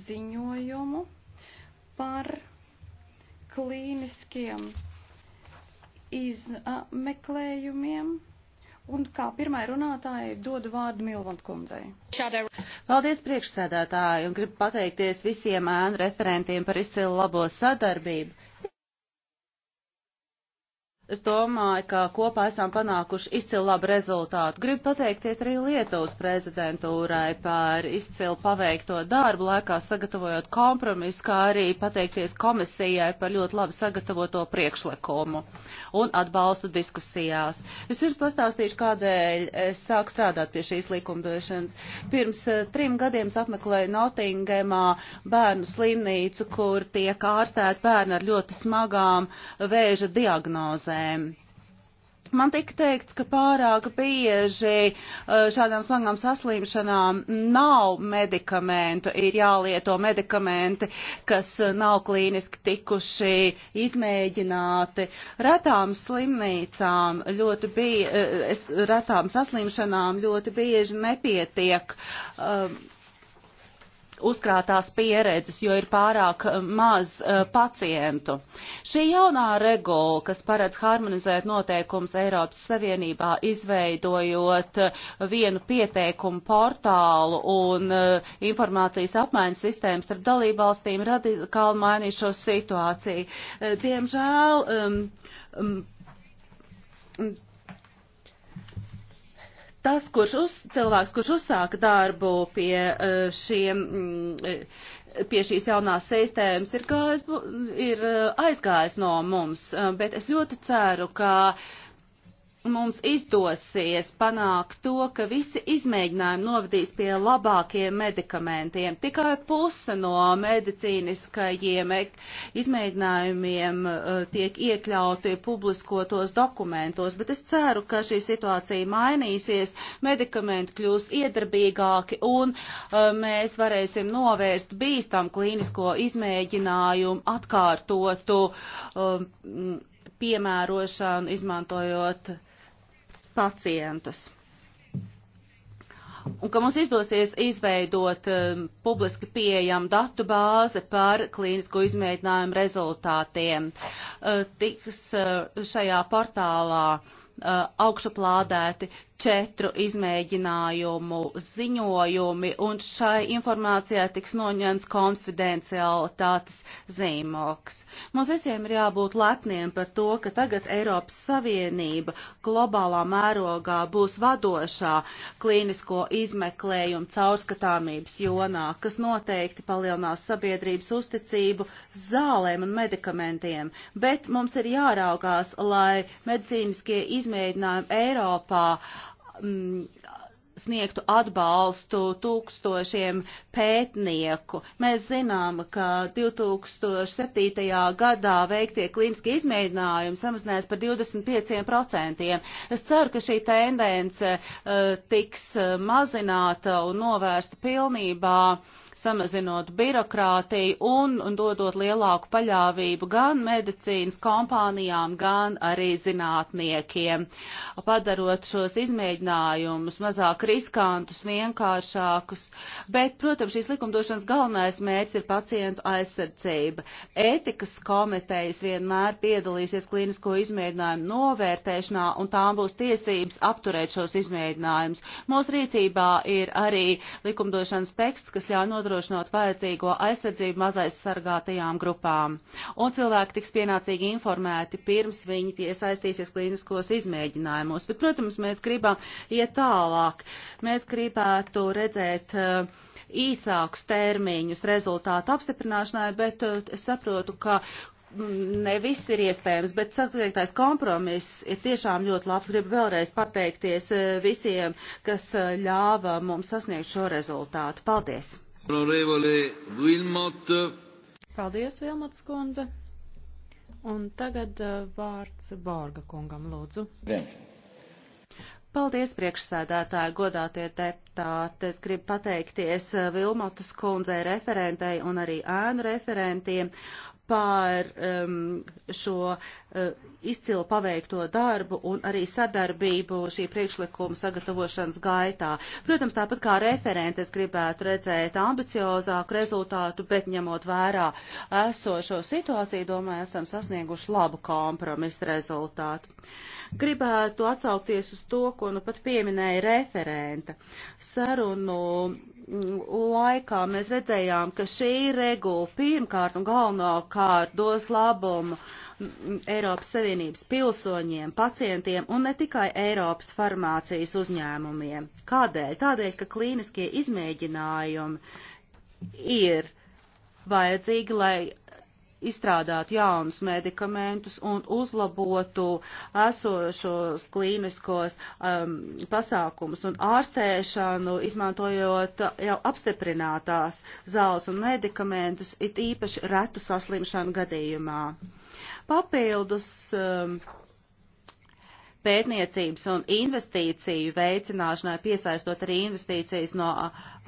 ziņojumu par klīniskiem izmeklējumiem. Un kā pirmai runātāji dodu vārdu Milvant kundzei. Paldies priekšsēdētāji un gribu pateikties visiem ēnu referentiem par izcilu labo sadarbību Es domāju, ka kopā esam panākuši izcilu labu rezultātu. Gribu pateikties arī Lietuvas prezidentūrai par izcilu paveikto darbu laikā sagatavojot kompromisu, kā arī pateikties komisijai par ļoti labi sagatavoto priekšlikumu un atbalstu diskusijās. Vispirms pastāstīšu, kādēļ es sāku strādāt pie šīs likumdošanas. Pirms eh, trim gadiem es apmeklēju Nottingemā bērnu slimnīcu, kur tiek ārstēti bērni ar ļoti smagām vēža diagnozēm slimībām. Man tika teikts, ka pārāk bieži eh, šādām smagām saslimšanām nav medikamentu, ir jālieto medikamenti, kas eh, nav klīniski tikuši izmēģināti. Retām slimnīcām ļoti bieži, eh, retām saslimšanām ļoti bieži nepietiek. Um, uzkrātās pieredzes, jo ir pārāk eh, maz uh, pacientu. Šī jaunā regula, kas paredz harmonizēt noteikumus Eiropas Savienībā, izveidojot eh, vienu pieteikumu portālu un uh, informācijas apmaiņas sistēmas starp dalībvalstīm, radikāli mainīs šo situāciju. Uh, diemžēl um, um, tas, kurš uz, cilvēks, kurš uzsāka darbu pie e, šiem, mm, e, pie šīs jaunās sistēmas, ir, gājis, ir e, aizgājis no mums, bet es ļoti ceru, ka uh, mums izdosies panākt to, ka visi izmēģinājumi novadīs pie labākiem medikamentiem. Tikai puse no medicīniskajiem izmēģinājumiem eh, tiek iekļauti publiskotos dokumentos, bet es ceru, ka šī situācija mainīsies, medikamenti kļūs iedarbīgāki un eh, mēs varēsim novērst bīstam klīnisko izmēģinājumu atkārtotu eh, piemērošanu, izmantojot pacientus. Un ka mums izdosies izveidot um, publiski pieejamu datu bāzi par klīnisko izmēģinājumu rezultātiem. Uh, tiks uh, šajā portālā uh, augšuplādēti četru izmēģinājumu ziņojumi, un šai informācijai tiks noņemts konfidencialitātes zīmoks. Mums visiem ir jābūt lepniem par to, ka tagad Eiropas Savienība globālā mērogā būs vadošā klīnisko izmeklējumu caurskatāmības jonā, kas noteikti palielinās sabiedrības uzticību zālēm un medikamentiem, bet mums ir jāraugās, lai medicīniskie izmēģinājumi Eiropā Mm, sniegtu atbalstu tūkstošiem pētnieku. Mēs zinām, ka 2007. gadā veiktie klīniskie izmēģinājumi samazinās par 25%. Es ceru, ka šī tendence uh, tiks eh, mazināta un novērsta pilnībā. Uh, samazinot birokrātiju un, un dodot lielāku paļāvību gan medicīnas kompānijām, gan arī zinātniekiem, padarot šos izmēģinājumus mazāk riskantus, vienkāršākus. Bet, protams, šīs likumdošanas galvenais mērķis ir pacientu aizsardzība. Ētikas komitejas vienmēr piedalīsies klīnisko izmēģinājumu novērtēšanā, un tām būs tiesības apturēt šos izmēģinājumus. Mūsu rīcībā ir arī likumdošanas teksts, kas ļauj nodrošināt nodrošinot vajadzīgo aizsardzību mazaizsargātajām grupām. Un cilvēki tiks pienācīgi informēti pirms viņi iesaistīsies klīniskos izmēģinājumos. Bet, protams, mēs gribam iet tālāk. Mēs gribētu redzēt uh, īsākus termiņus rezultātu apstiprināšanai, bet eh, es saprotu, ka mm, ne viss ir iespējams, bet sakoties kompromiss ir tiešām ļoti labs. Gribu vēlreiz pateikties eh, visiem, kas ļāva mums sasniegt šo rezultātu. Paldies! Paldies, Vilmots kundze. Un tagad uh, vārds Bārga kungam, lūdzu. Vien. Paldies, priekšsēdētāji, godātie deputāti. Es gribu pateikties uh, Vilmotas kundzei referentei un arī ēnu referentiem par um, šo uh, izcilu paveikto darbu un arī sadarbību šī priekšlikuma sagatavošanas gaitā. Protams, tāpat kā referentes gribētu redzēt ambiciozāku rezultātu, bet ņemot vērā esošo situāciju, domāju, esam sasnieguši labu kompromisu rezultātu. Uh, Gribētu atsaukties uz to, ko nu pat pieminēja referenta. Sarunu mm, laikā mēs redzējām, ka šī regula pirmkārt un galvenokārt dos labumu mm, Eiropas Savienības pilsoņiem, pacientiem un ne tikai Eiropas farmācijas uzņēmumiem. Kādēļ? Tādēļ, ka klīniskie izmēģinājumi ir vajadzīgi, lai izstrādātu jaunus medikamentus un uzlabotu esošos klīniskos um, pasākumus un ārstēšanu, izmantojot jau apstiprinātās zāles un medikamentus, it īpaši retu saslimšanu gadījumā. Papildus um, pētniecības un investīciju veicināšanai, piesaistot arī investīcijas no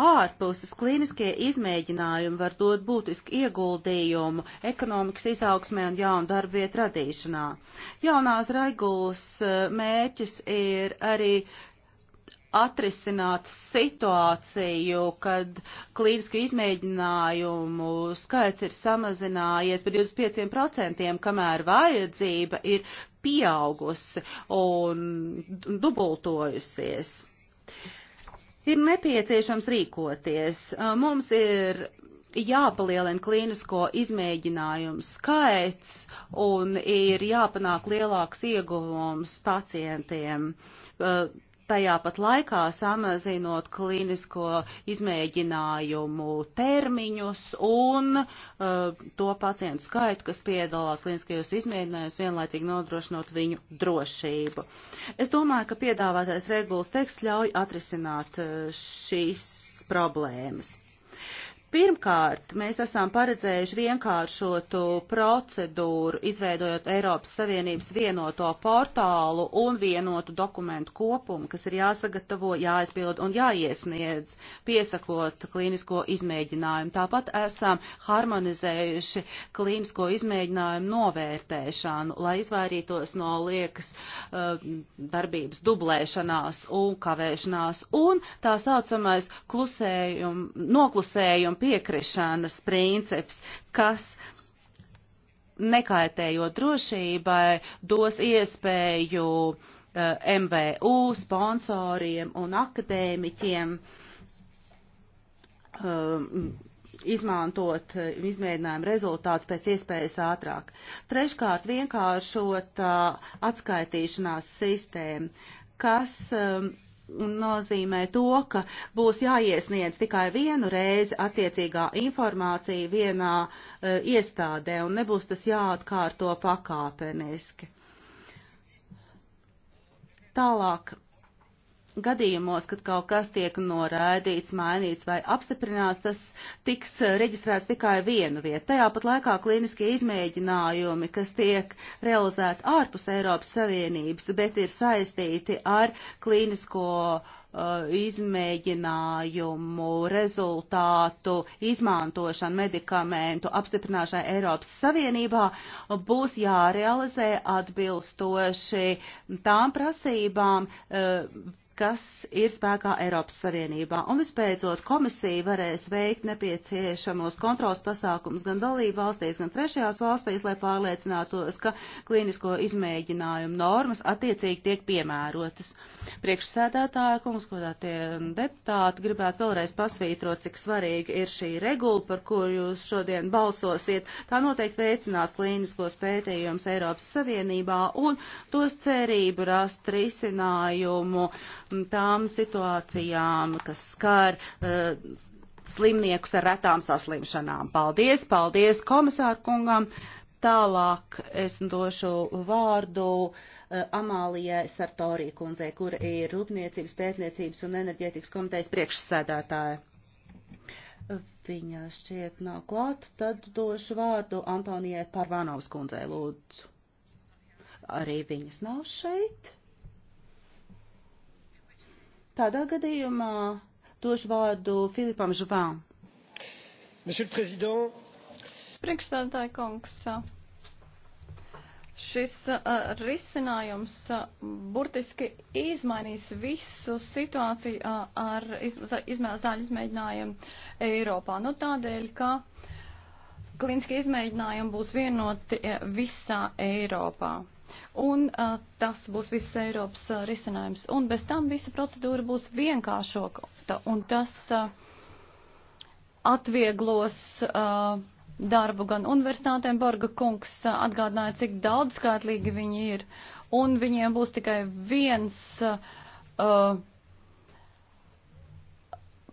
ārpuses, klīniskie izmēģinājumi var dot būtisku ieguldījumu ekonomikas izaugsmē un jaunu darbu vietu radīšanā. Jaunās regulas eh, mērķis ir arī atrisināt situāciju, kad klīnisku izmēģinājumu skaits ir samazinājies par 25%, kamēr vajadzība ir pieaugusi un dubultojusies. Ir nepieciešams rīkoties. Mums ir jāpalielina klīnisko izmēģinājumu skaits un ir jāpanāk lielāks ieguvums pacientiem. Uh, tajā pat laikā samazinot klīnisko izmēģinājumu termiņus un uh, to pacientu skaitu, kas piedalās klīniskajos izmēģinājumos, vienlaicīgi nodrošinot viņu drošību. Es domāju, ka piedāvātais regulas teksts ļauj atrisināt uh, šīs problēmas. Pirmkārt, mēs esam paredzējuši vienkāršotu procedūru, izveidojot Eiropas Savienības vienoto portālu un vienotu dokumentu kopumu, kas ir jāsagatavo, jāizpild un jāiesniedz, piesakot klīnisko izmēģinājumu. Tāpat esam harmonizējuši klīnisko izmēģinājumu novērtēšanu, lai izvairītos no liekas uh, darbības dublēšanās un kavēšanās un tā saucamais klusējum, noklusējuma piekrišanas princips, kas nekaitējot drošībai, dos iespēju uh, eh, MVU sponsoriem un akadēmiķiem uh, izmantot eh, izmēģinājumu rezultātus pēc iespējas ātrāk. Treškārt, vienkāršot uh, atskaitīšanās sistēmu, kas uh, nozīmē to, ka būs jāiesniedz tikai vienu reizi attiecīgā informācija vienā uh, iestādē un nebūs tas jāatkārto pakāpeniski. Tālāk gadījumos, kad kaut kas tiek noraidīts, mainīts vai apstiprināts, tas tiks eh, reģistrēts tikai vienu vietu. Tajā pat laikā klīniskie izmēģinājumi, kas tiek realizēti ārpus Eiropas Savienības, bet ir saistīti ar klīnisko uh, izmēģinājumu rezultātu izmantošanu medikamentu apstiprināšanai Eiropas Savienībā būs jārealizē atbilstoši tām prasībām, uh, kas ir spēkā Eiropas Savienībā. Un visbeidzot, komisija varēs veikt nepieciešamos kontrols pasākums gan dalību valstīs, gan trešajās valstīs, lai pārliecinātos, ka klīnisko izmēģinājumu normas attiecīgi tiek piemērotas. Priekšsēdētāja kungs, godātie deputāti, gribētu vēlreiz pasvītrot, cik svarīga ir šī regula, par kuru jūs šodien balsosiet. Tā noteikti veicinās klīniskos pētījumus Eiropas Savienībā un tos cerību rast risinājumu tām situācijām, kas skar uh, slimniekus ar retām saslimšanām. Paldies, paldies komisārkungam. Tālāk es došu vārdu uh, Amālijai Sartorī kundzei, kur ir Rūpniecības, Pētniecības un enerģētikas komitejas priekšsēdētāja. Viņa šķiet nav klāt, tad došu vārdu Antonijai Parvanovs kundzei, lūdzu. Arī viņas nav šeit. Tādā gadījumā došu vārdu Filipam Žuvam. Priekšstādātāja kungs, šis uh, risinājums uh, burtiski izmainīs visu situāciju uh, ar iz, izmē, zāļu izmēģinājumu Eiropā. Nu, tādēļ, ka klīniskie izmēģinājumi būs vienoti visā Eiropā un uh, tas būs viss Eiropas uh, risinājums. Un bez tam visa procedūra būs vienkāršoka, un tas uh, atvieglos uh, darbu gan universitātēm. Borga kungs uh, atgādināja, cik daudzskaitlīgi viņi ir, un viņiem būs tikai viens. Uh,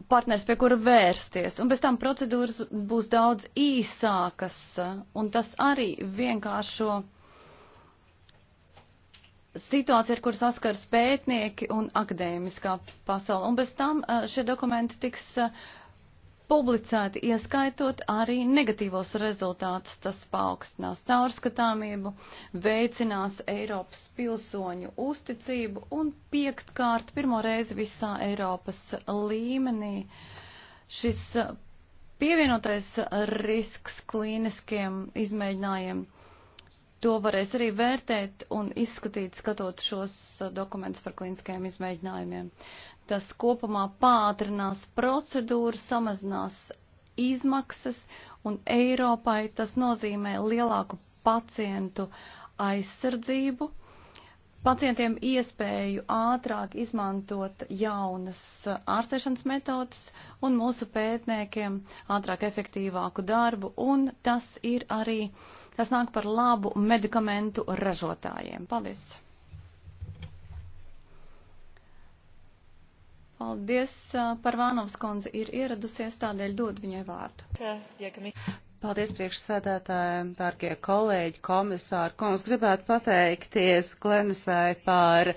partners, pie kura vērsties, un bez tam procedūras būs daudz īsākas, un tas arī vienkāršo uh, situācija, ar kur saskars pētnieki un akadēmiskā pasaule. Un bez tam eh, šie dokumenti tiks eh, publicēti, ieskaitot arī negatīvos rezultātus. Tas paaugstinās caurskatāmību, veicinās Eiropas pilsoņu uzticību un piektkārt pirmo reizi visā Eiropas līmenī šis eh, pievienotais risks klīniskiem izmēģinājumiem to varēs arī vērtēt un izskatīt, skatot šos eh, dokumentus par klīniskajiem izmēģinājumiem. Tas kopumā pātrinās procedūru, samazinās izmaksas, un Eiropai tas nozīmē lielāku pacientu aizsardzību, pacientiem iespēju ātrāk izmantot jaunas eh, ārstēšanas metodas un mūsu pētniekiem ātrāk efektīvāku darbu, un tas ir arī uh, Tas nāk par labu medikamentu ražotājiem. Paldies! Paldies, Parvānovs kundze ir ieradusies, tādēļ dod viņai vārdu. Paldies priekšsēdētājiem, dārgie kolēģi, komisāri, kungs. Gribētu pateikties Glenisai par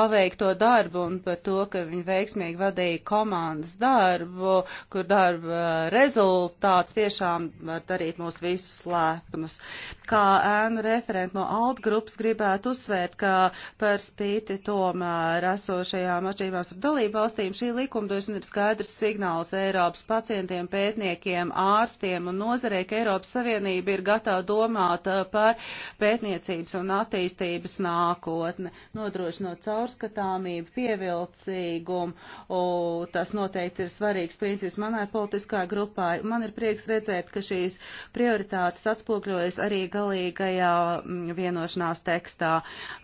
paveikto darbu un par to, ka viņa veiksmīgi vadīja komandas darbu, kur darba rezultāts tiešām var darīt mūs visus lēpnus kā ēnu referenti no alt grupas gribētu uzsvērt, ka par spīti tomēr esošajām atšķirībām starp dalību valstīm šī likumdošana ir skaidrs signāls Eiropas pacientiem, pētniekiem, ārstiem un nozarei, ka Eiropas Savienība ir gatava domāt uh, par pētniecības un attīstības nākotni, nodrošinot caurskatāmību, pievilcīgumu. O, tas noteikti ir svarīgs princips manai politiskajai grupai. Man ir prieks redzēt, ka šīs prioritātes atspūkļojas arī galīgajā mm, vienošanās tekstā.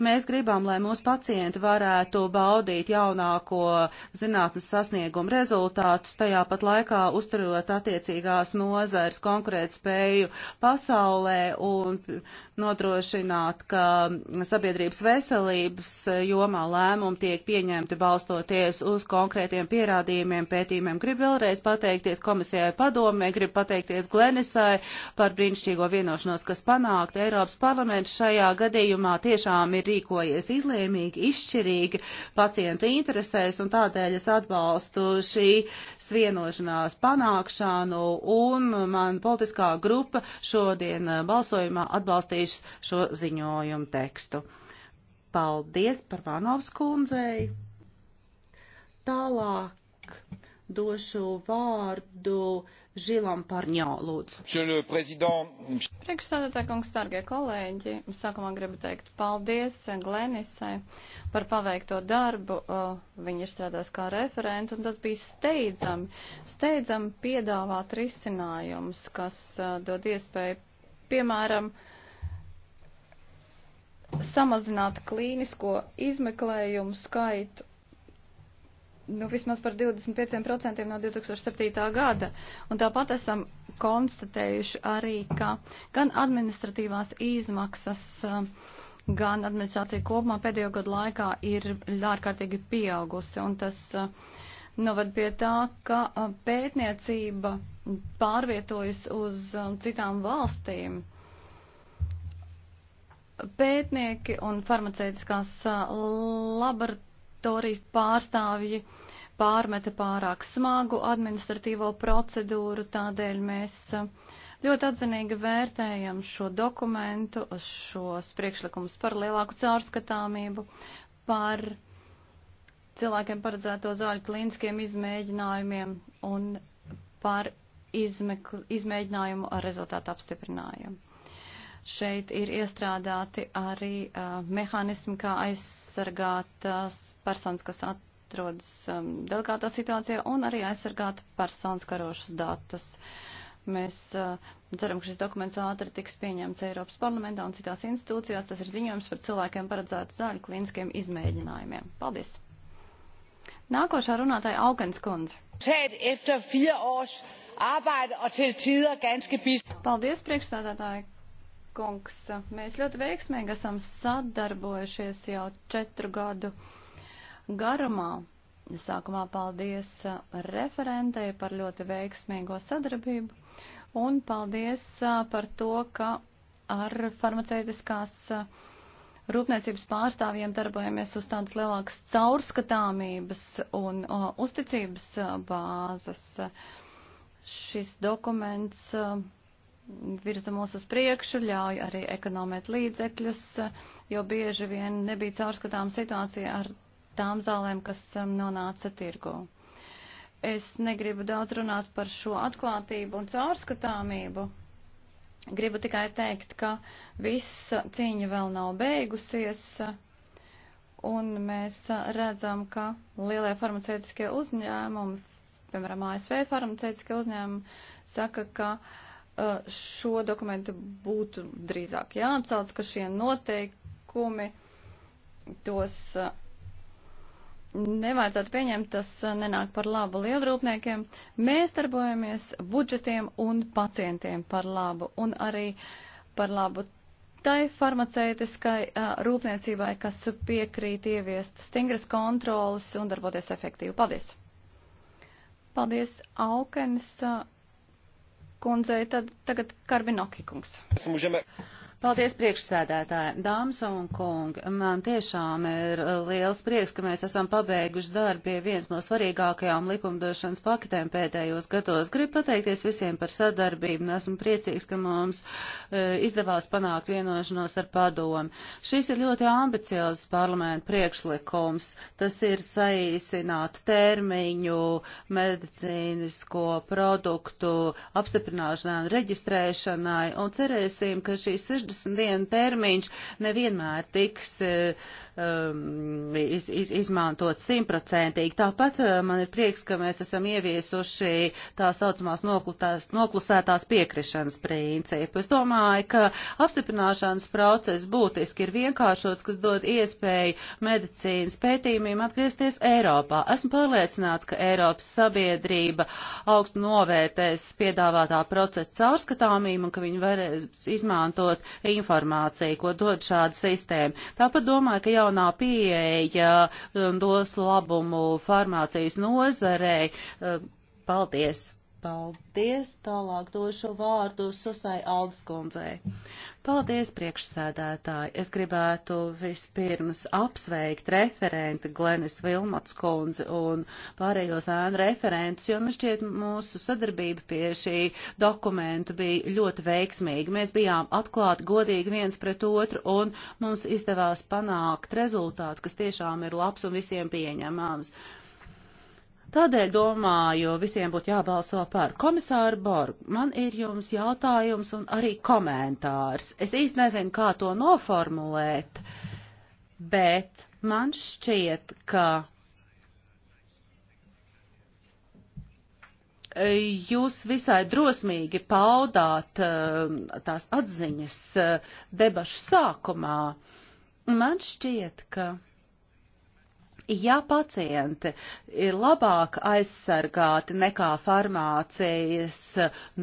Mēs gribam, lai mūsu pacienti varētu baudīt jaunāko zinātnes sasniegumu rezultātus, tajā pat laikā uzturot attiecīgās nozares konkurēt spēju pasaulē un nodrošināt, ka sabiedrības veselības jomā lēmumi tiek pieņemti balstoties uz konkrētiem pierādījumiem, pētījumiem. Gribu vēlreiz pateikties komisijai padomē, gribu pateikties Glenisai par brīnišķīgo vienošanos, kas panāca panākt. Eiropas parlaments šajā gadījumā tiešām ir rīkojies izlēmīgi, izšķirīgi pacientu interesēs, un tādēļ es atbalstu šīs vienošanās panākšanu, un man politiskā grupa šodien eh, balsojumā atbalstīs šo ziņojumu tekstu. Paldies par Vanovs kundzei. Tālāk došu vārdu Žilam Parņo, lūdzu. Priekšstādātā kungs, dargie kolēģi, sākumā gribu teikt paldies Glenisai par paveikto darbu. Viņa ir strādājis kā referenta, un tas bija steidzami, steidzami piedāvāt risinājumus, kas dod iespēju, piemēram, samazināt klīnisko izmeklējumu skaitu nu, vismaz par 25% no 2007. gada. Un tāpat esam konstatējuši arī, ka gan administratīvās izmaksas, eh, gan administrācija kopumā pēdējo gadu laikā ir ārkārtīgi pieaugusi. Un tas eh, noved pie tā, ka eh, pētniecība pārvietojas uz citām valstīm pētnieki un farmaceitiskās laboratorijas teritoriju pārstāvji pārmeta pārāk smagu administratīvo procedūru, tādēļ mēs uh, ļoti atzinīgi vērtējam šo dokumentu, šos priekšlikumus par lielāku caurskatāmību, par cilvēkiem paredzēto zāļu klīniskiem izmēģinājumiem un par izmekl, izmēģinājumu ar rezultātu apstiprinājumu. Šeit ir iestrādāti arī uh, mehānismi, kā aiz aizsargāt uh, personas, kas atrodas um, delikātā situācijā, un arī aizsargāt personas karošas datus. Mēs uh, ceram, ka šis dokuments ātri tiks pieņemts Eiropas parlamentā un citās institūcijās. Tas ir ziņojums par cilvēkiem paredzētu zāļu klīniskiem izmēģinājumiem. Paldies! Nākošā runātāja Augens kundze. Paldies, priekšstādātāji kungs, mēs ļoti veiksmīgi esam sadarbojušies jau četru gadu garumā. Sākumā paldies referentei par ļoti veiksmīgo sadarbību un paldies par to, ka ar farmaceitiskās rūpniecības pārstāvjiem darbojamies uz tādas lielākas caurskatāmības un o, uzticības bāzes. Šis dokuments. O, virza mūs uz priekšu, ļauj arī ekonomēt līdzekļus, jo bieži vien nebija caurskatām situācija ar tām zālēm, kas um, nonāca tirgu. Es negribu daudz runāt par šo atklātību un caurskatāmību. Gribu tikai teikt, ka visa cīņa vēl nav beigusies, un mēs uh, redzam, ka lielie farmaceitiskie uzņēmumi, piemēram, ASV farmaceitiskie uzņēmumi, saka, ka uh, šo dokumentu būtu drīzāk jāatsauc, ka šie noteikumi tos nevajadzētu pieņemt, tas nenāk par labu lielrūpniekiem. Mēs darbojamies budžetiem un pacientiem par labu un arī par labu tai farmaceitiskai rūpniecībai, kas piekrīt ieviest stingras kontrolas un darboties efektīvi. Paldies! Paldies, Aukenis! kundzei, tad tagad Karbinoki kungs. Paldies priekšsēdētāji. Dāmas un kungi, man tiešām ir uh, liels prieks, ka mēs esam pabeiguši darbu pie viens no svarīgākajām likumdošanas paketēm pēdējos gados. Gribu pateikties visiem par sadarbību un esmu priecīgs, ka mums e, izdevās panākt vienošanos ar padomu. Šis ir ļoti ambiciozs parlamenta priekšlikums. Tas ir saīsināt termiņu medicīnisko produktu apstiprināšanai un reģistrēšanai un cerēsim, ka šīs 140 dienu termiņš nevienmēr tiks e, um, iz, iz, izmantot simtprocentīgi. Tāpat e, man ir prieks, ka mēs esam ieviesuši tā saucamās noklusētās piekrišanas principu. Es domāju, ka apstiprināšanas process būtiski ir vienkāršots, kas dod iespēju medicīnas pētījumiem atgriezties Eiropā. Esmu pārliecināts, ka Eiropas sabiedrība augstu novērtēs piedāvātā procesa caurskatāmību un ka viņi varēs izmantot informācija, ko dod šāda sistēma. Tāpat domāju, ka jaunā pieeja um, dos labumu farmācijas nozarei. Um, paldies! Paldies! Tālāk došu vārdu Susai Aldiskundzei. Paldies, priekšsēdētāji. Es gribētu vispirms apsveikt referenti Glenis Vilmats kundzi un pārējos ēnu referentus, jo man šķiet mūsu sadarbība pie šī dokumentu bija ļoti veiksmīga. Mēs bijām atklāti godīgi viens pret otru un mums izdevās panākt rezultātu, kas tiešām ir labs un visiem pieņemams. Uh, Tādēļ domāju, visiem būtu jābalso par. Komisāru Borg, man ir jums jautājums un arī komentārs. Es īsti nezinu, kā to noformulēt, bet man šķiet, ka jūs visai drosmīgi paudāt um, tās atziņas uh, debašu sākumā. Man šķiet, ka Ja pacienti ir labāk aizsargāti nekā farmācijas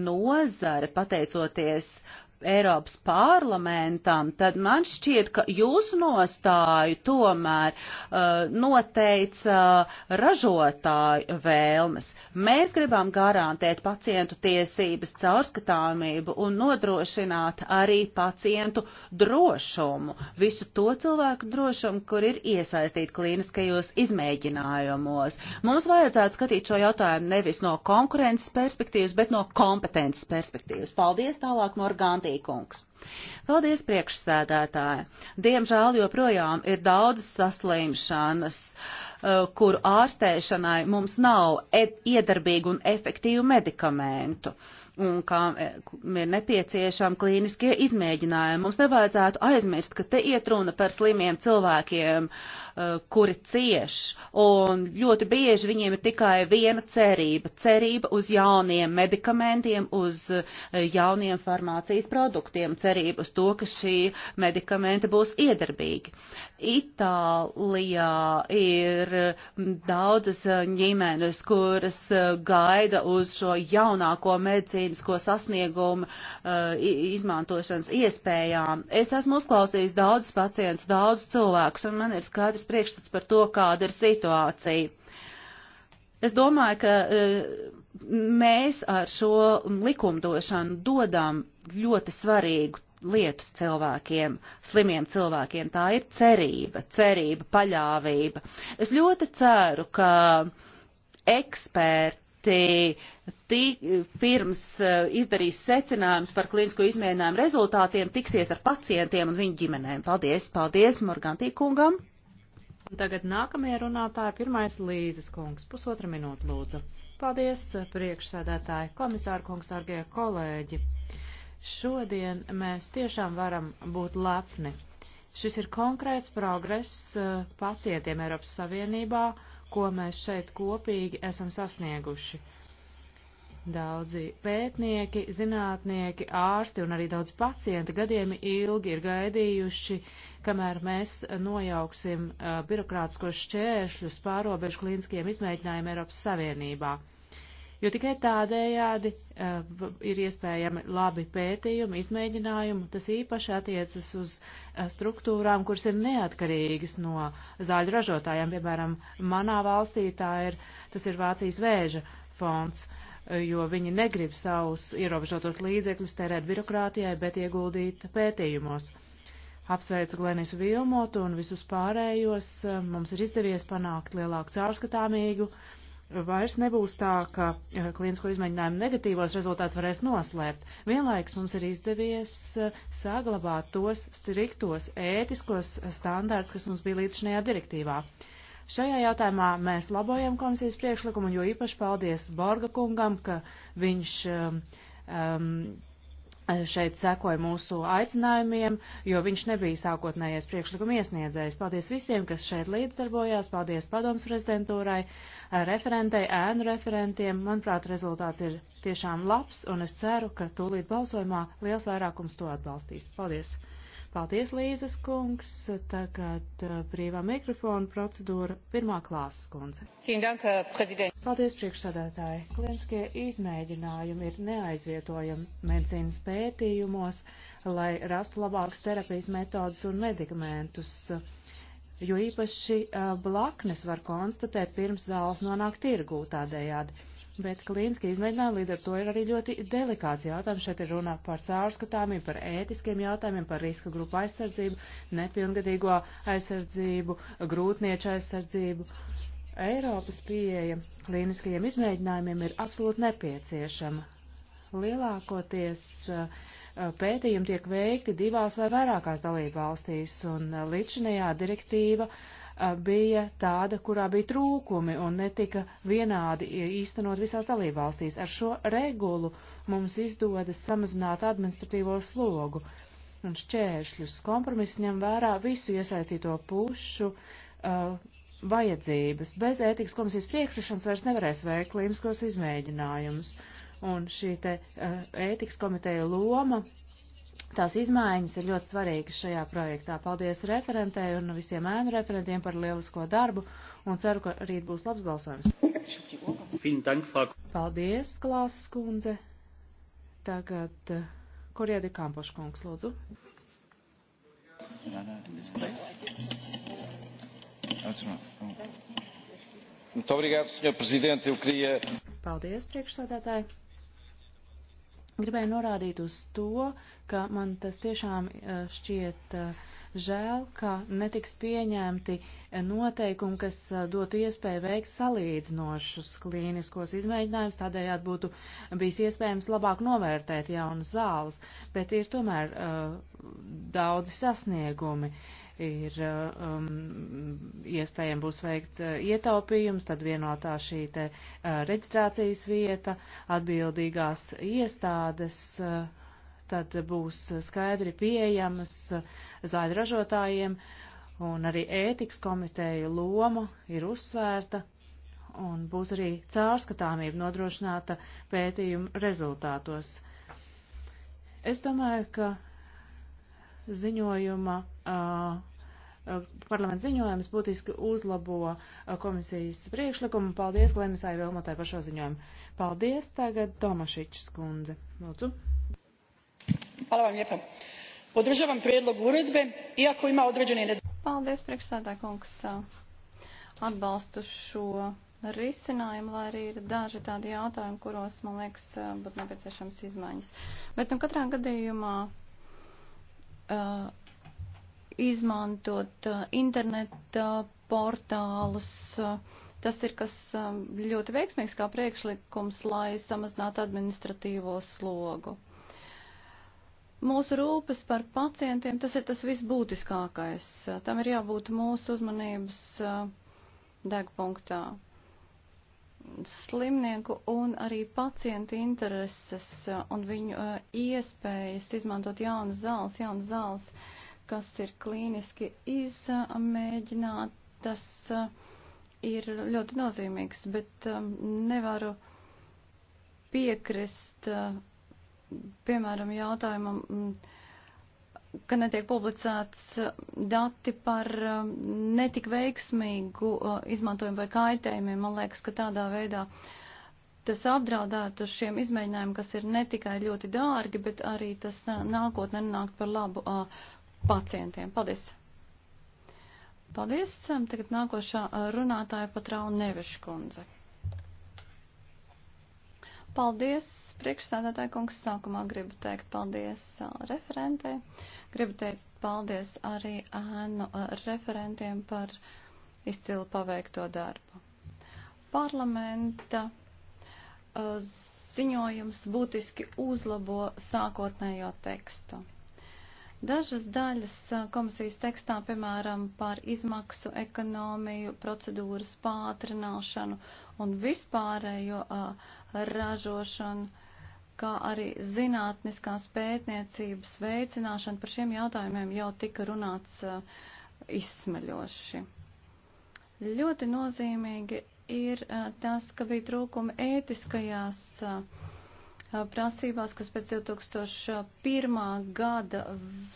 nozare, pateicoties uh, Eiropas parlamentam, tad man šķiet, ka jūsu nostāju tomēr uh, noteica ražotāju vēlmes. Mēs gribam garantēt pacientu tiesības caurskatāmību un nodrošināt arī pacientu drošumu, visu to cilvēku drošumu, kur ir iesaistīti klīniskajos izmēģinājumos. Mums vajadzētu skatīt šo jautājumu nevis no konkurences perspektīvas, bet no kompetences perspektīvas. Paldies tālāk, Morganti. Odīkungs. Paldies, priekšsēdētāji! Diemžēl joprojām ir daudz saslimšanas, eh, kuru ārstēšanai mums nav e-, iedarbīgu un efektīvu medikamentu un kam e, ir nepieciešami klīniskie izmēģinājumi. Mums nevajadzētu aizmirst, ka te iet runa par slimiem cilvēkiem, e, kuri cieš, un ļoti bieži viņiem ir tikai viena cerība - cerība uz jauniem medikamentiem, uz e, jauniem farmācijas produktiem, cerība uz to, ka šī medikamenta būs iedarbīgi. Itālijā ir daudzas ģimenes, kuras gaida uz šo jaunāko medicīnu zinātnīsko sasniegumu uh, izmantošanas iespējām. Es esmu uzklausījis daudzus pacientus, daudzus cilvēkus, un man ir skaidrs priekšstats par to, kāda ir situācija. Es domāju, ka uh, mēs ar šo likumdošanu dodam ļoti svarīgu lietus cilvēkiem, slimiem cilvēkiem. Tā ir cerība, cerība, paļāvība. Es ļoti ceru, ka eksperti pati tī, pirms eh, izdarīs secinājumus par klīnisko izmēģinājumu rezultātiem, tiksies ar pacientiem un viņu ģimenēm. Paldies, paldies Morgantī kungam. Un tagad nākamie runātāji, pirmais Līzes kungs, pusotra minūte lūdzu. Paldies, eh, priekšsēdētāji, komisāra kungs, dārgie kolēģi. Šodien mēs tiešām varam būt lepni. Šis ir konkrēts progress eh, pacientiem Eiropas Savienībā ko mēs šeit kopīgi esam sasnieguši. Daudzi pētnieki, zinātnieki, ārsti un arī daudz pacienti gadiem ilgi ir gaidījuši, kamēr mēs nojauksim uh, birokrātiskos šķēršļus pārobežu klīniskiem izmēģinājumiem Eiropas Savienībā jo tikai tādējādi uh, ir iespējami labi pētījumi, izmēģinājumi. Tas īpaši attiecas uz uh, struktūrām, kuras ir neatkarīgas no zāļu ražotājiem. Piemēram, manā valstī tā ir, tas ir Vācijas vēža fonds, uh, jo viņi negrib savus ierobežotos līdzekļus tērēt birokrātijai, bet ieguldīt pētījumos. Apsveicu Glenisu Vilmotu un visus pārējos. Mums ir izdevies panākt lielāku caurskatāmīgu uh, vairs nebūs tā, ka eh, klientsko izmēģinājumu negatīvos rezultātus varēs noslēpt. Vienlaiks mums ir izdevies eh, saglabāt tos striktos ētiskos standārts, kas mums bija līdz šajā direktīvā. Šajā jautājumā mēs labojam komisijas priekšlikumu, jo īpaši paldies Borga kungam, ka viņš eh, um, Eh, šeit sekoja mūsu aicinājumiem, jo viņš nebija sākotnējais priekšlikuma iesniedzējs. Paldies visiem, kas šeit līdzdarbojās, paldies padoms prezidentūrai, eh, referentei, ēnu referentiem. Manuprāt, rezultāts ir tiešām labs, un es ceru, ka tūlīt balsojumā liels vairākums to atbalstīs. Paldies! Paldies, Līzes kungs. Tagad uh, brīvā mikrofona procedūra pirmā klāsas kundze. Paldies, priekšsādātāji. Kliniskie izmēģinājumi ir neaizvietojami medicīnas pētījumos, lai rastu labākas terapijas metodas un medikamentus jo īpaši uh, blaknes var konstatēt pirms zāles nonāk tirgū tādējādi bet klīniski izmēģinājumi līdz ar to ir arī ļoti delikāts jautājums. Šeit ir runā par caurskatāmību, par ētiskiem jautājumiem, par riska grupu aizsardzību, nepilngadīgo aizsardzību, grūtnieču aizsardzību. Eiropas pieeja klīniskajiem izmēģinājumiem ir absolūti nepieciešama. Lielākoties uh, uh pētījumi tiek veikti divās vai vairākās dalībvalstīs, un uh, līdzinējā direktīva bija tāda, kurā bija trūkumi un netika vienādi īstenot visās dalībvalstīs. Ar šo regulu mums izdodas samazināt administratīvo slogu un šķēršļus. Kompromiss ņem vērā visu iesaistīto pušu uh, vajadzības. Bez ētikas komisijas priekšrišanas vairs nevarēs veikt klīniskos izmēģinājumus. Un šī te uh, ētikas komiteja loma Tās izmaiņas ir ļoti svarīgas šajā projektā. Paldies referentei un visiem ēnu referentiem par lielisko darbu un ceru, ka rīt būs labs balsojums. Paldies, Klāsas kundze. Tagad, kur eh, iedi Kampoš kungs, lūdzu? Paldies, priekšsādātāji. Gribēju norādīt uz to, ka man tas tiešām e, šķiet e, žēl, ka netiks pieņemti e, noteikumi, kas dotu iespēju veikt salīdzinošus klīniskos izmēģinājumus, tādējādi būtu bijis iespējams labāk novērtēt jaunas zāles, bet ir tomēr uh, daudzi sasniegumi. Uh, ir um, iespējams būs veikts uh, ietaupījums, tad vienotā šī te uh, reģistrācijas vieta, atbildīgās iestādes. Uh, tad būs skaidri pieejamas uh, zāļu ražotājiem, un arī ētikas komiteja loma ir uzsvērta, un būs arī caurskatāmība nodrošināta pētījuma rezultātos. Es domāju, ka ziņojuma, parlamenta ziņojums būtiski uzlabo komisijas priekšlikumu. Paldies Glenisai Vilmotai par šo ziņojumu. Paldies tagad Tomašičs kundze. Lūdzu. Hvala vam lijepa. Podržavam prijedlog uredbe, iako ima određeni ned... Paldies, priekšsēdā kungs. Atbalstu šo risinājumu, lai arī ir daži tādi jautājumi, kuros, man liekas, būtu nepieciešams izmaiņas. Bet, nu, katrā gadījumā uh, izmantot uh, interneta uh, portālus. Uh, tas ir kas um, ļoti veiksmīgs kā priekšlikums, lai samazinātu administratīvo slogu. Mūsu rūpes par pacientiem, tas ir tas visbūtiskākais. Tam ir jābūt mūsu uzmanības uh, degpunktā slimnieku un arī pacientu intereses eh, un viņu eh, iespējas izmantot jaunas zāles, jaunas zāles, kas ir klīniski izmēģinātas, eh, ir ļoti nozīmīgs, bet nevaru piekrist, piemēram, jautājumam, mm, ka netiek publicēts uh, dati par um, netik veiksmīgu uh, izmantojumu vai kaitējumiem. Man liekas, ka tādā veidā tas apdraudētu šiem izmēģinājumiem, kas ir ne tikai ļoti dārgi, bet arī tas uh, nākotnē nenāk par labu pacientiem. Paldies! Paldies! Tagad nākošā runātāja patrau Neveškundze. Paldies, priekšstādātāja kungs. Sākumā gribu teikt paldies uh, referentei. Gribu teikt paldies arī ēnu uh, referentiem par izcilu paveikto darbu. Parlamenta uh, ziņojums būtiski uzlabo sākotnējo tekstu. Dažas daļas komisijas tekstā, piemēram, par izmaksu ekonomiju, procedūras pātrināšanu un vispārējo uh, ražošanu, kā arī zinātniskās pētniecības veicināšanu, par šiem jautājumiem jau tika runāts uh, izsmeļoši. Ļoti nozīmīgi ir uh, tas, ka bija trūkumi ētiskajās. Uh, Uh, prasībās, kas pēc 2001. gada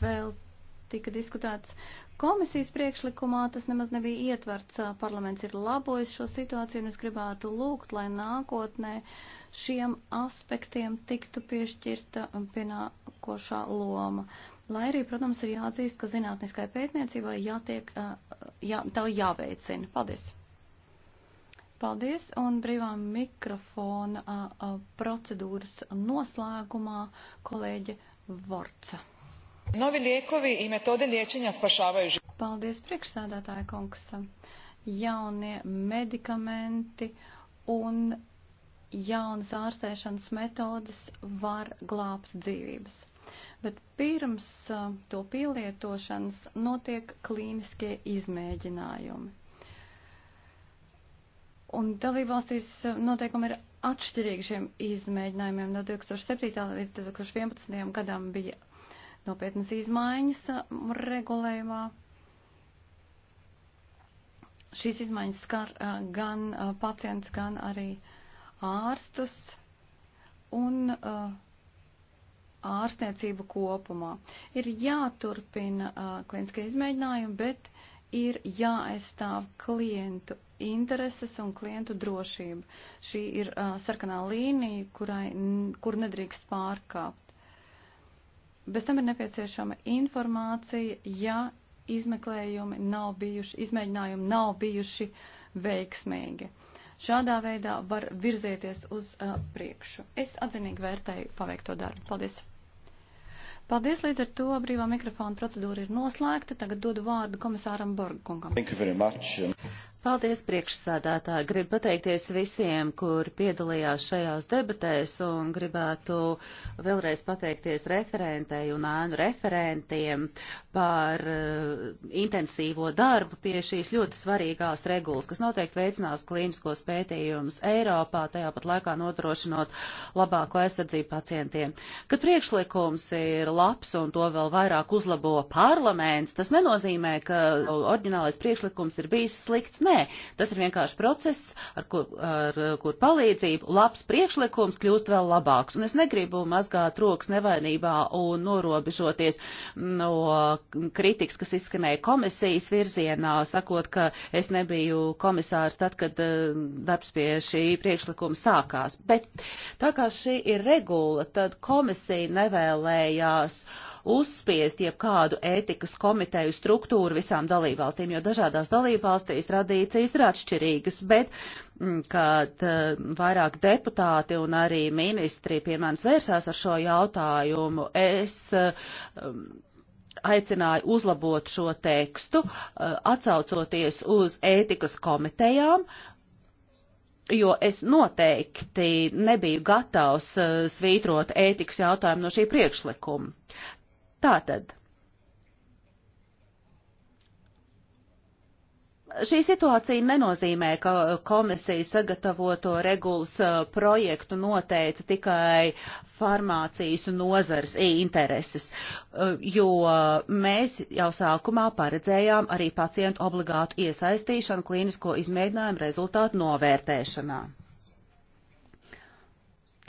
vēl tika diskutēts komisijas priekšlikumā, tas nemaz nebija ietverts. Uh, parlaments ir labojis šo situāciju un es gribētu lūgt, lai nākotnē šiem aspektiem tiktu piešķirta pienākošā loma. Lai arī, protams, ir jāatzīst, ka zinātniskai pētniecībai jātiek, uh, jā, tā jāveicina. Paldies! Paldies, un brīvā mikrofona a, a, procedūras noslēgumā kolēģe Vorca. Novi liekovi i metode liječenja spašavaju život. Paldies, priekšsādātāja kungs. Jaunie medikamenti un jaunas ārstēšanas metodas var glābt dzīvības. Bet pirms a, to pielietošanas notiek klīniskie izmēģinājumi Un dalībvalstīs eh, noteikumi ir atšķirīgi šiem izmēģinājumiem. No 2007. līdz 2011. gadam bija nopietnas izmaiņas um, regulējumā. Šīs izmaiņas skar eh, gan eh, pacients, gan arī ārstus un ārstniecību kopumā. Ir jāturpina klīniskie izmēģinājumi, bet ir jāaizstāv klientu intereses un klientu drošība. Šī ir uh, sarkanā līnija, kurai, kur nedrīkst pārkāpt. Bez tam ir nepieciešama informācija, ja izmeklējumi nav bijuši, izmēģinājumi nav bijuši veiksmīgi. Šādā veidā var virzieties uz uh, priekšu. Es atzinīgi vērtēju paveikto darbu. Paldies! Paldies, līdz ar to brīvā mikrofona procedūra ir noslēgta. Tagad dodu vārdu komisāram Borgkungam. Paldies, priekšsādātāji! Gribu pateikties visiem, kur piedalījās šajās debatēs un gribētu vēlreiz pateikties referentei un ānu referentiem par uh, intensīvo darbu pie šīs ļoti svarīgās regulas, kas noteikti veicinās klīniskos pētījumus Eiropā, tajā pat laikā nodrošinot labāko aizsardzību pacientiem. Kad priekšlikums ir labs un to vēl vairāk uzlabo parlaments, tas nenozīmē, ka oriģinālais priekšlikums ir bijis slikts. Ne, Nē, tas ir vienkārši process, ar kur, ar, kur palīdzību labs priekšlikums kļūst vēl labāks. Un es negribu mazgāt rokas nevainībā un norobežoties no kritikas, kas izskanēja komisijas virzienā, sakot, ka es nebiju komisārs tad, kad eh, darbs pie šī priekšlikuma sākās. Bet tā kā šī ir regula, tad komisija nevēlējās uh, uzspiest jebkādu ētikas komiteju struktūru visām dalībvalstīm, jo dažādās dalībvalstīs tradīcijas ir atšķirīgas, bet mm, kad eh, vairāk deputāti un arī ministri pie manis vērsās ar šo jautājumu, es eh, aicināju uzlabot šo tekstu, eh, atsaucoties uz ētikas komitejām, jo es noteikti nebiju gatavs svītrot ētikas jautājumu no šī priekšlikuma. Tātad. Šī situācija nenozīmē, ka komisija sagatavoto regulas projektu noteica tikai farmācijas nozars intereses, jo mēs jau sākumā paredzējām arī pacientu obligātu iesaistīšanu klīnisko izmēģinājumu rezultātu novērtēšanā.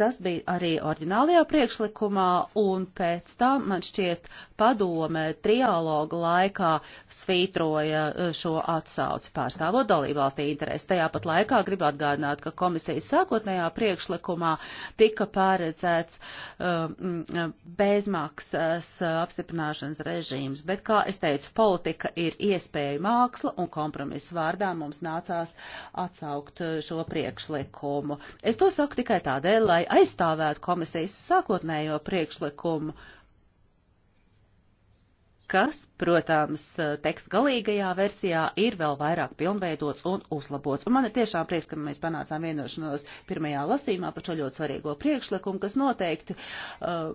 Tas bija arī oriģinālajā priekšlikumā, un pēc tam, man šķiet, padome trialoga laikā svītroja e, šo atsauci pārstāvot dalībvalstī interesi. Tajā pat laikā gribu atgādināt, ka komisijas sākotnējā priekšlikumā tika pārredzēts um, e, e, bezmaksas apstiprināšanas režīms, bet, kā es teicu, politika ir iespēja māksla, un kompromisa vārdā mums nācās atsaukt šo priekšlikumu. Es to saku tikai tādēļ, lai aizstāvētu komisijas sākotnējo priekšlikumu, kas, protams, teksta galīgajā versijā ir vēl vairāk pilnveidots un uzlabots. Un man ir tiešām prieks, ka mēs panācām vienošanos pirmajā lasīmā par šo ļoti svarīgo priekšlikumu, kas noteikti uh,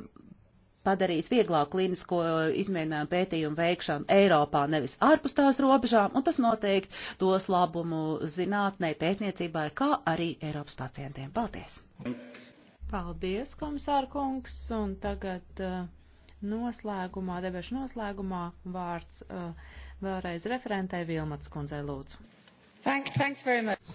padarīs vieglāk klīnisko izmēģinājumu pētījumu veikšanu Eiropā, nevis ārpus tās robežām, un tas noteikti dos labumu zinātnē, pētniecībai, kā arī Eiropas pacientiem. Paldies! Mm. Paldies, komisāra kungs, un tagad eh, noslēgumā, debešu noslēgumā vārds eh, vēlreiz referentai Vilmats kundzei lūdzu. Thank, thanks very much.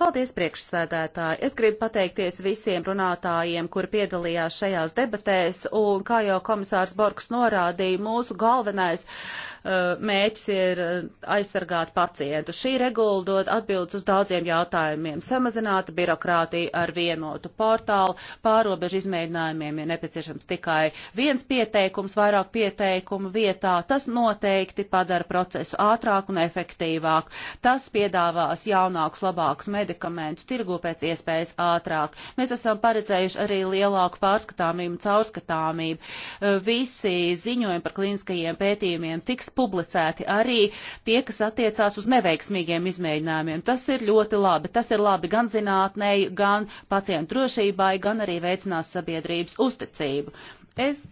Paldies, priekšsēdētāji. Es gribu pateikties visiem runātājiem, kur piedalījās šajās debatēs, un kā jau komisārs Borgs norādīja, mūsu galvenais uh, Eh, mērķis ir eh, aizsargāt pacientu. Šī regula dod atbildes uz daudziem jautājumiem - samazināt birokrātiju ar vienotu portālu, pārobežu izmēģinājumiem ir nepieciešams tikai viens pieteikums, vairāk pieteikumu vietā. Tas noteikti padara procesu ātrāku un efektīvāku. Tas piedāvās jaunākus, labākus medikamentus tirgu pēc iespējas ātrāk. Mēs esam paredzējuši arī lielāku pārskatāmību un caurskatāmību. Eh, visi ziņojumi par klīniskajiem pētījumiem tiks publicēti arī tie, kas attiecās uz neveiksmīgiem izmēģinājumiem. Tas ir ļoti labi. Tas ir labi gan zinātnēji, gan pacientu drošībai, gan arī veicinās sabiedrības uzticību. Es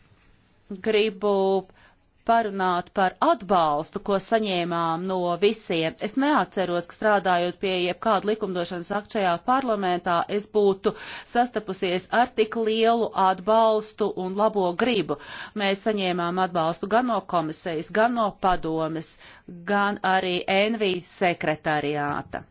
gribu uh, parunāt par atbalstu, ko saņēmām no visiem. Es neatceros, ka strādājot pie jebkāda likumdošanas akta šajā parlamentā, es būtu sastapusies ar tik lielu atbalstu un labo gribu. Mēs saņēmām atbalstu gan no komisijas, gan no padomes, gan arī NV sekretariāta.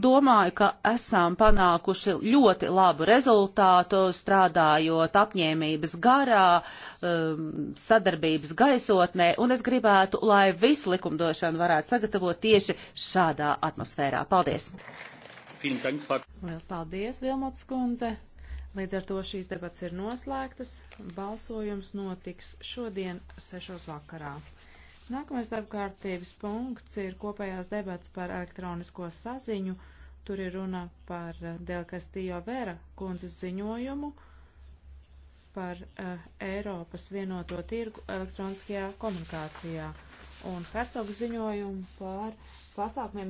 Domāju, ka esam panākuši ļoti labu rezultātu, strādājot apņēmības garā, um, sadarbības gaisotnē, un es gribētu, lai visu likumdošanu varētu sagatavot tieši šādā atmosfērā. Paldies! Liels paldies, Vilmots kundze! Līdz ar to šīs debats ir noslēgtas. Balsojums notiks šodien sešos vakarā. Nākamais darbkārtības punkts ir kopējās debats par elektronisko saziņu. Tur ir runa par eh, Delkastījo Vera kundzes ziņojumu par uh, Eiropas vienoto tirgu elektroniskajā komunikācijā un Hercogu ziņojumu par pasākumiem.